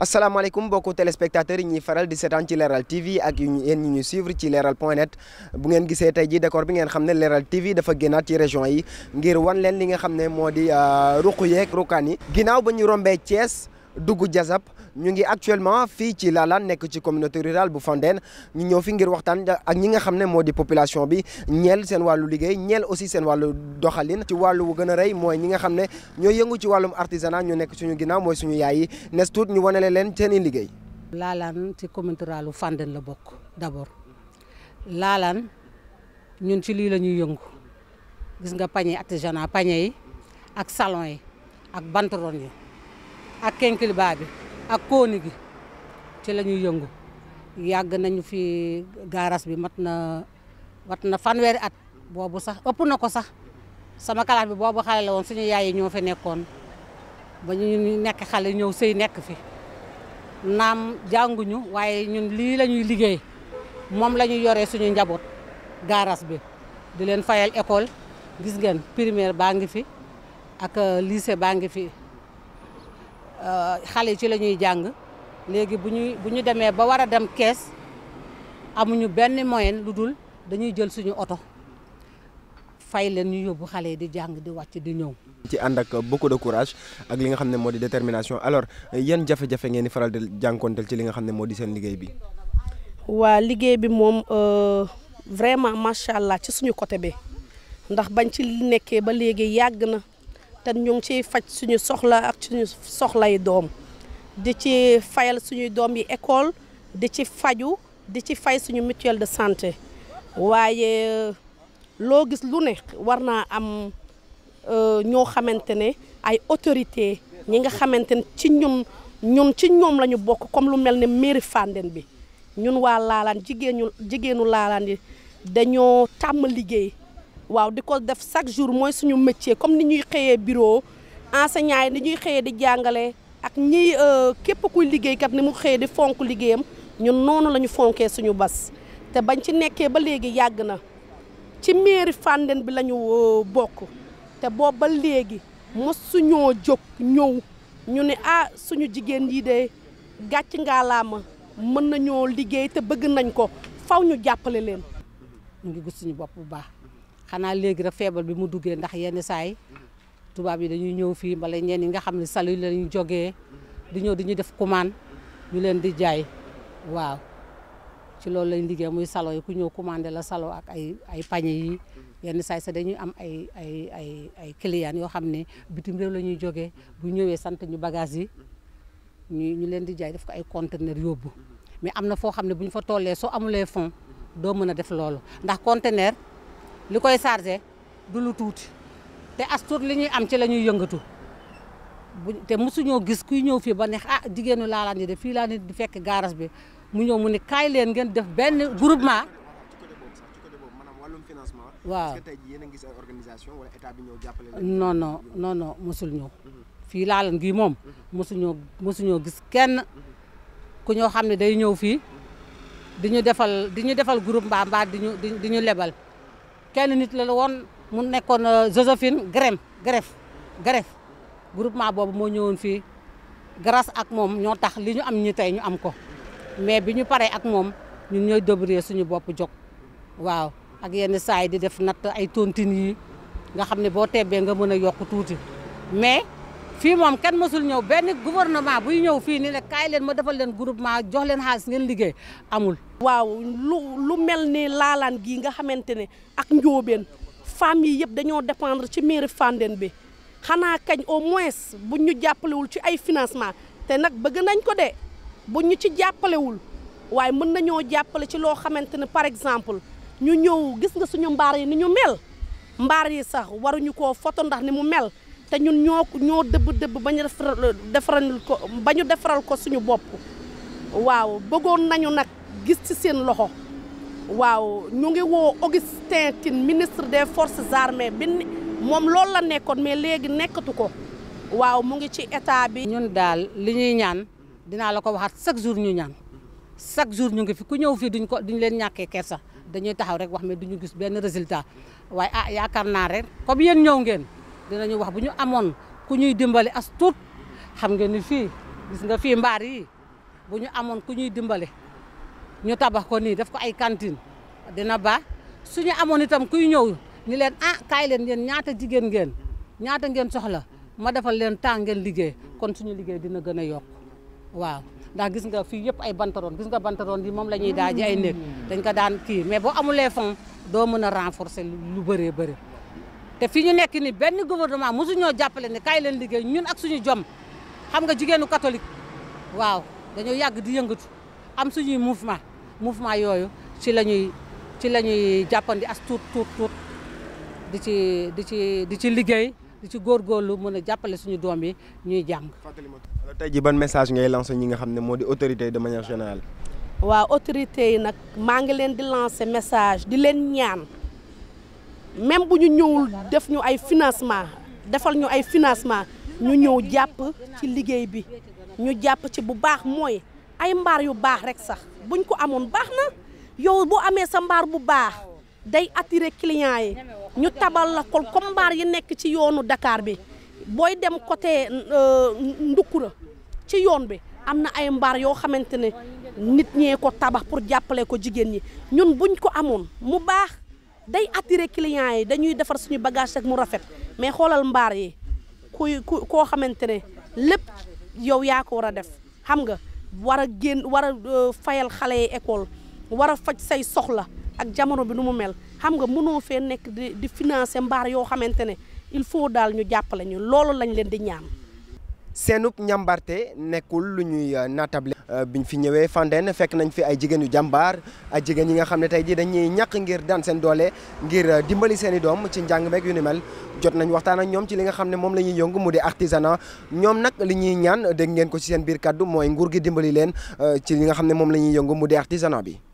asalaamaaleykum mbokku téléspectateurs yi ñuy faral di seetaan ci Leral TV ak yéen ñi ñu suivre ci Leral point net bu ngeen gisee tey ji décor bi ngeen xam ne Leral TV dafa génnaat ci région yi ngir wan leen li nga xam ne moo di euh, ruq yeeg rukaan yi ginnaaw ba ñu rombee Thiès dugg Diazap ñu ngi actuellement fii ci Lalane nekk ci communauté rural bu Fandène ñu ñëw fi ngir waxtaan a ñi nga xam ne moo di population bi ñeel seen wàllu liggéey ñeel aussi seen wàllu doxalin ci wàllu wu gën a rëy mooy ñi nga xam ne ñoo yëngu ci wàllum artisanat ñu nekk suñu ginnaaw mooy suñu yaay yi nes tuut ñu wanele leen seen i liggéey Lalane ci communauté rurale bu Fandène la bokk d'abord Lalane ñun ci lii la ñuy yëngu gis nga panier artisanat panier yi ak salon yi ak banteron yi ak bi ak kooni gi ci lañuy yëngu yàgg nañu fi gaaraas bi mat na wat na fanweeri at boobu sax ëpp na ko sax sama kalaat bi boobu xale la woon suñu yaay yi ñoo fi nekkoon ba ñu nekk xale ñëw sëy nekk fi naam jànguñu waaye ñun lii lañuy liggéey moom la ñuy yoree suñu njaboot gaaraas bi di leen fayal école gis ngeen primaire baa ngi fi ak euh, lycée baa ngi fi Euh, xale yi ci la ñuy jàng léegi bu ñuy bu ñu demee ba war a dem kees amuñu benn moyen lu dul dañuy jël suñu oto fay leen ñu yóbbu xale yi di jàng di wàcc di ñëw. ci ànd ak beaucoup de courage ak li nga xam ne moo di détermination alors yan jafe-jafe ngeen di faral di jànkonteel ci li nga xam ne moo di seen liggéey bi. waa liggéey bi moom euh, vraiment macha allah ci suñu côté bi ndax bañ ci nekkee ba léegi yàgg na. te ñu ngi ciy faj suñu soxla ak suñu soxlay doom di ci fayal suñuy doom yi école di ci faju di ci fay suñu mutuelle de santé waaye euh, loo gis lu ne war naa am euh, ñoo xamante ne ay autorité ñi nga xamante ne ci ñun ñun ci ñoom lañu bokk comme lu mel ni mairie Fandène bi ñun waa Laalaan jigéenu jigéenu Laalaan yi dañoo tàmm liggéey waaw di ko def chaque jour mooy suñu métier comme ni ñuy xëyee bureau enseignant yi ni ñuy xëyee di jàngale ak ñiy euh, képp kuy liggéey liggéeykat ni mu xëyee di fonk liggéeyam ñun noonu la ñu fonkee suñu bas te bañ ci nekkee ba léegi yàgg na ci mairie Fandène bi la ñu euh, bokk te boobu ba léegi mos suñoo jóg ñëw ñu ne ah suñu jigéen yi de gàcc ngaa laama mën nañoo liggéey te bëgg nañ ko faw ñu jàppale leen ñu ngi gis suñu bopp bu baax xanaa léegi rek feebal bi mu duggee ndax yenn saay tubaab yi dañuy ñëw fii mbala ñenn yi nga xam ne salu la ñu jógee di ñëw di ñu def commande ñu leen di jaay waaw ci loolu lañ liggéey muy salo yi ku ñëw commandé la salo ak ay ay pañe yi yenn saay sa dañuy am ay ay ay ay clients yoo xam ne bitim réew la ñuy jógee bu ñëwee sant ñu bagage yi ñu ñu leen di jaay def ko ay conteneur yóbbu mais am na foo xam ne bu ñu fa tollee soo amulee fond doo mën a def loolu ndax conteneur li koy chargé du lu tuuti te as li ñuy am ci la ñuy yëngatu bu te mosuñoo gis kuy ñëw fii ba ne ah jigéenu laalaan yi de fii laa nit di fekk garage bi mu ñëw mu ne kaay leen ngeen def benn groupement. waaw est-ce que tey a ngi gis organisation wala état bi ñëw jàppale mosul ñëw. Mhm. fii laalan gii moom. Mhm. mosuñoo mosuñoo gis kenn ku ñoo xam ne day ñëw fii mhm. di ñu defal di defal groupe mbaa mbaa di ñu di ñu lebal. kenn nit la woon mu nekkoon euh, Josephine Grem gref gref groupement boobu moo ñëwoon fii grâce ak moom ñoo tax li ñu am ñi tey ñu am ko mais bi ñu paree ak moom ñun ñooy débrouiller suñu bopp jog waaw ak yenn saa yi di def natt ay tontine yi nga xam ne boo tebbee nga mën a yokk tuuti mais fii moom kan mësul ñëw benn gouvernement buy ñëw fii ni ne kaay leen ma defal leen groupement jox leen ngeen liggéey amul. waaw lu lu mel ni laalaan gii nga xamante ne ak njóobeen femmes yi yëpp dañoo dépendre ci mairie Fandène bi xanaa kañ au moins buñ ñu jàppalewul ci ay financement te nag bëgg nañ ko de buñ ñu ci jàppalewul waaye mën na ñoo jàppale ci loo xamante ne par exemple ñu ñëw gis nga suñu mbaar yi ni ñu mel mbaar yi sax waruñu ko foto ndax ni mu mel. te ñun ñoo ñoo dëbb dëbb ba ñu defaral ko ba ñu defaral ko suñu bopp waaw bëggoon nañu nag gis ci seen loxo waaw ñu ngi woo Augustin Tine ministre des forces armées bi moom loolu la nekkoon mais léegi nekkatu ko waaw mu ngi ci état bi. ñun daal li ñuy ñaan dinaa la ko waxaat chaque jour ñu ñaan chaque jour ñu ngi fi ku ñëw fii duñ ko duñ leen ñàkkee kersa dañuy taxaw rek wax mais duñu gis benn résultat waaye ah yaakaar naa rek comme yéen ñëw ngeen. dinañu wax bu ñu amoon ku ñuy dimbali as tuut xam nga ni fii gis nga fii mbaar yi bu ñu amoon ku ñuy dimbale ñu tabax ko nii def ko ay cantine dina baax suñu amoon itam kuy ñëw ni leen ah kaay leen yéen ñaata jigéen ngeen ñaata ngeen soxla ma defal leen temps ngeen liggéey kon suñu liggéey dina gën a yokk waaw ndax gis nga fii yëpp ay bantaroon gis nga bantaroon yi moom la ñuy daaji ay néeg dañ ko daan kii mais boo amulee fond doo mën a renforcer lu bëree bëri te fi ñu nekk ni benn gouvernement mosu ñoo jàppale ne kaay leen liggéey ñun ak suñu jom xam nga jigéenu katolik waaw dañoo yàgg di yëngatu am suñuy mouvement mouvement yooyu ci la ñuy ci la ñuy jàppandi as tuut tuut tuut di ci di ci di ci liggéey di ci góorgóorlu mën a jàppale suñu doom yi ñuy jàng. alors tey jii ban message ngay lancer ñi nga xam ne moo di autorité yi de manière générale. waaw autorité yi nag maa ngi leen di lancer message di leen ñaan. même bu ñu ñëwul def ñu ay financement defal ñu ay financement ñu ñëw jàpp ci liggéey bi ñu jàpp ci bu baax mooy ay mbaar yu baax rek sax buñ ko amoon baax na yow boo amee sa mbaar bu baax day attirer client yi ñu tabal la kol comme mbaar yi nekk ci yoonu Dakar bi booy dem côté euh, Ndukura ci yoon bi am na ay mbaar yoo xamante ne nit ñee ko tabax pour jàppale ko jigéen ñi ñun buñ ko amoon mu baax day attirer clients yi dañuy defar suñu bagage rek mu rafet mais xoolal mbaar yi kuy koo xamante ne lépp yow yaa ko war a def xam nga war a génn war a euh, fayal xale yi école war a faj say soxla ak jamono bi nu mu mel xam nga mënoo fee nekk di di financer mbaar yoo xamante ne il faut daal ñu jàppale ñu loolu lañ leen di ñaam seenub ñàmbarte nekkul lu ñuy euh, natable. Euh, biñ fi ñëwee Fandène fekk nañ fi ay jigéen yu jàmbaar ay jigéen ñi nga xam ne tey jii dañuy ñàkk ngir daan seen doole ngir euh, dimbali seen i doom ci njàng meeg yu ni mel jot nañ waxtaan ak ñoom ci li nga xam ne moom la ñuy yëngu mu di artisanat ñoom nag li ñuy ñaan dégg ngeen ko ci seen biir kaddu mooy nguur gi dimbali leen euh, ci li nga xam ne moom la ñuy yëngu mu di artisanat bi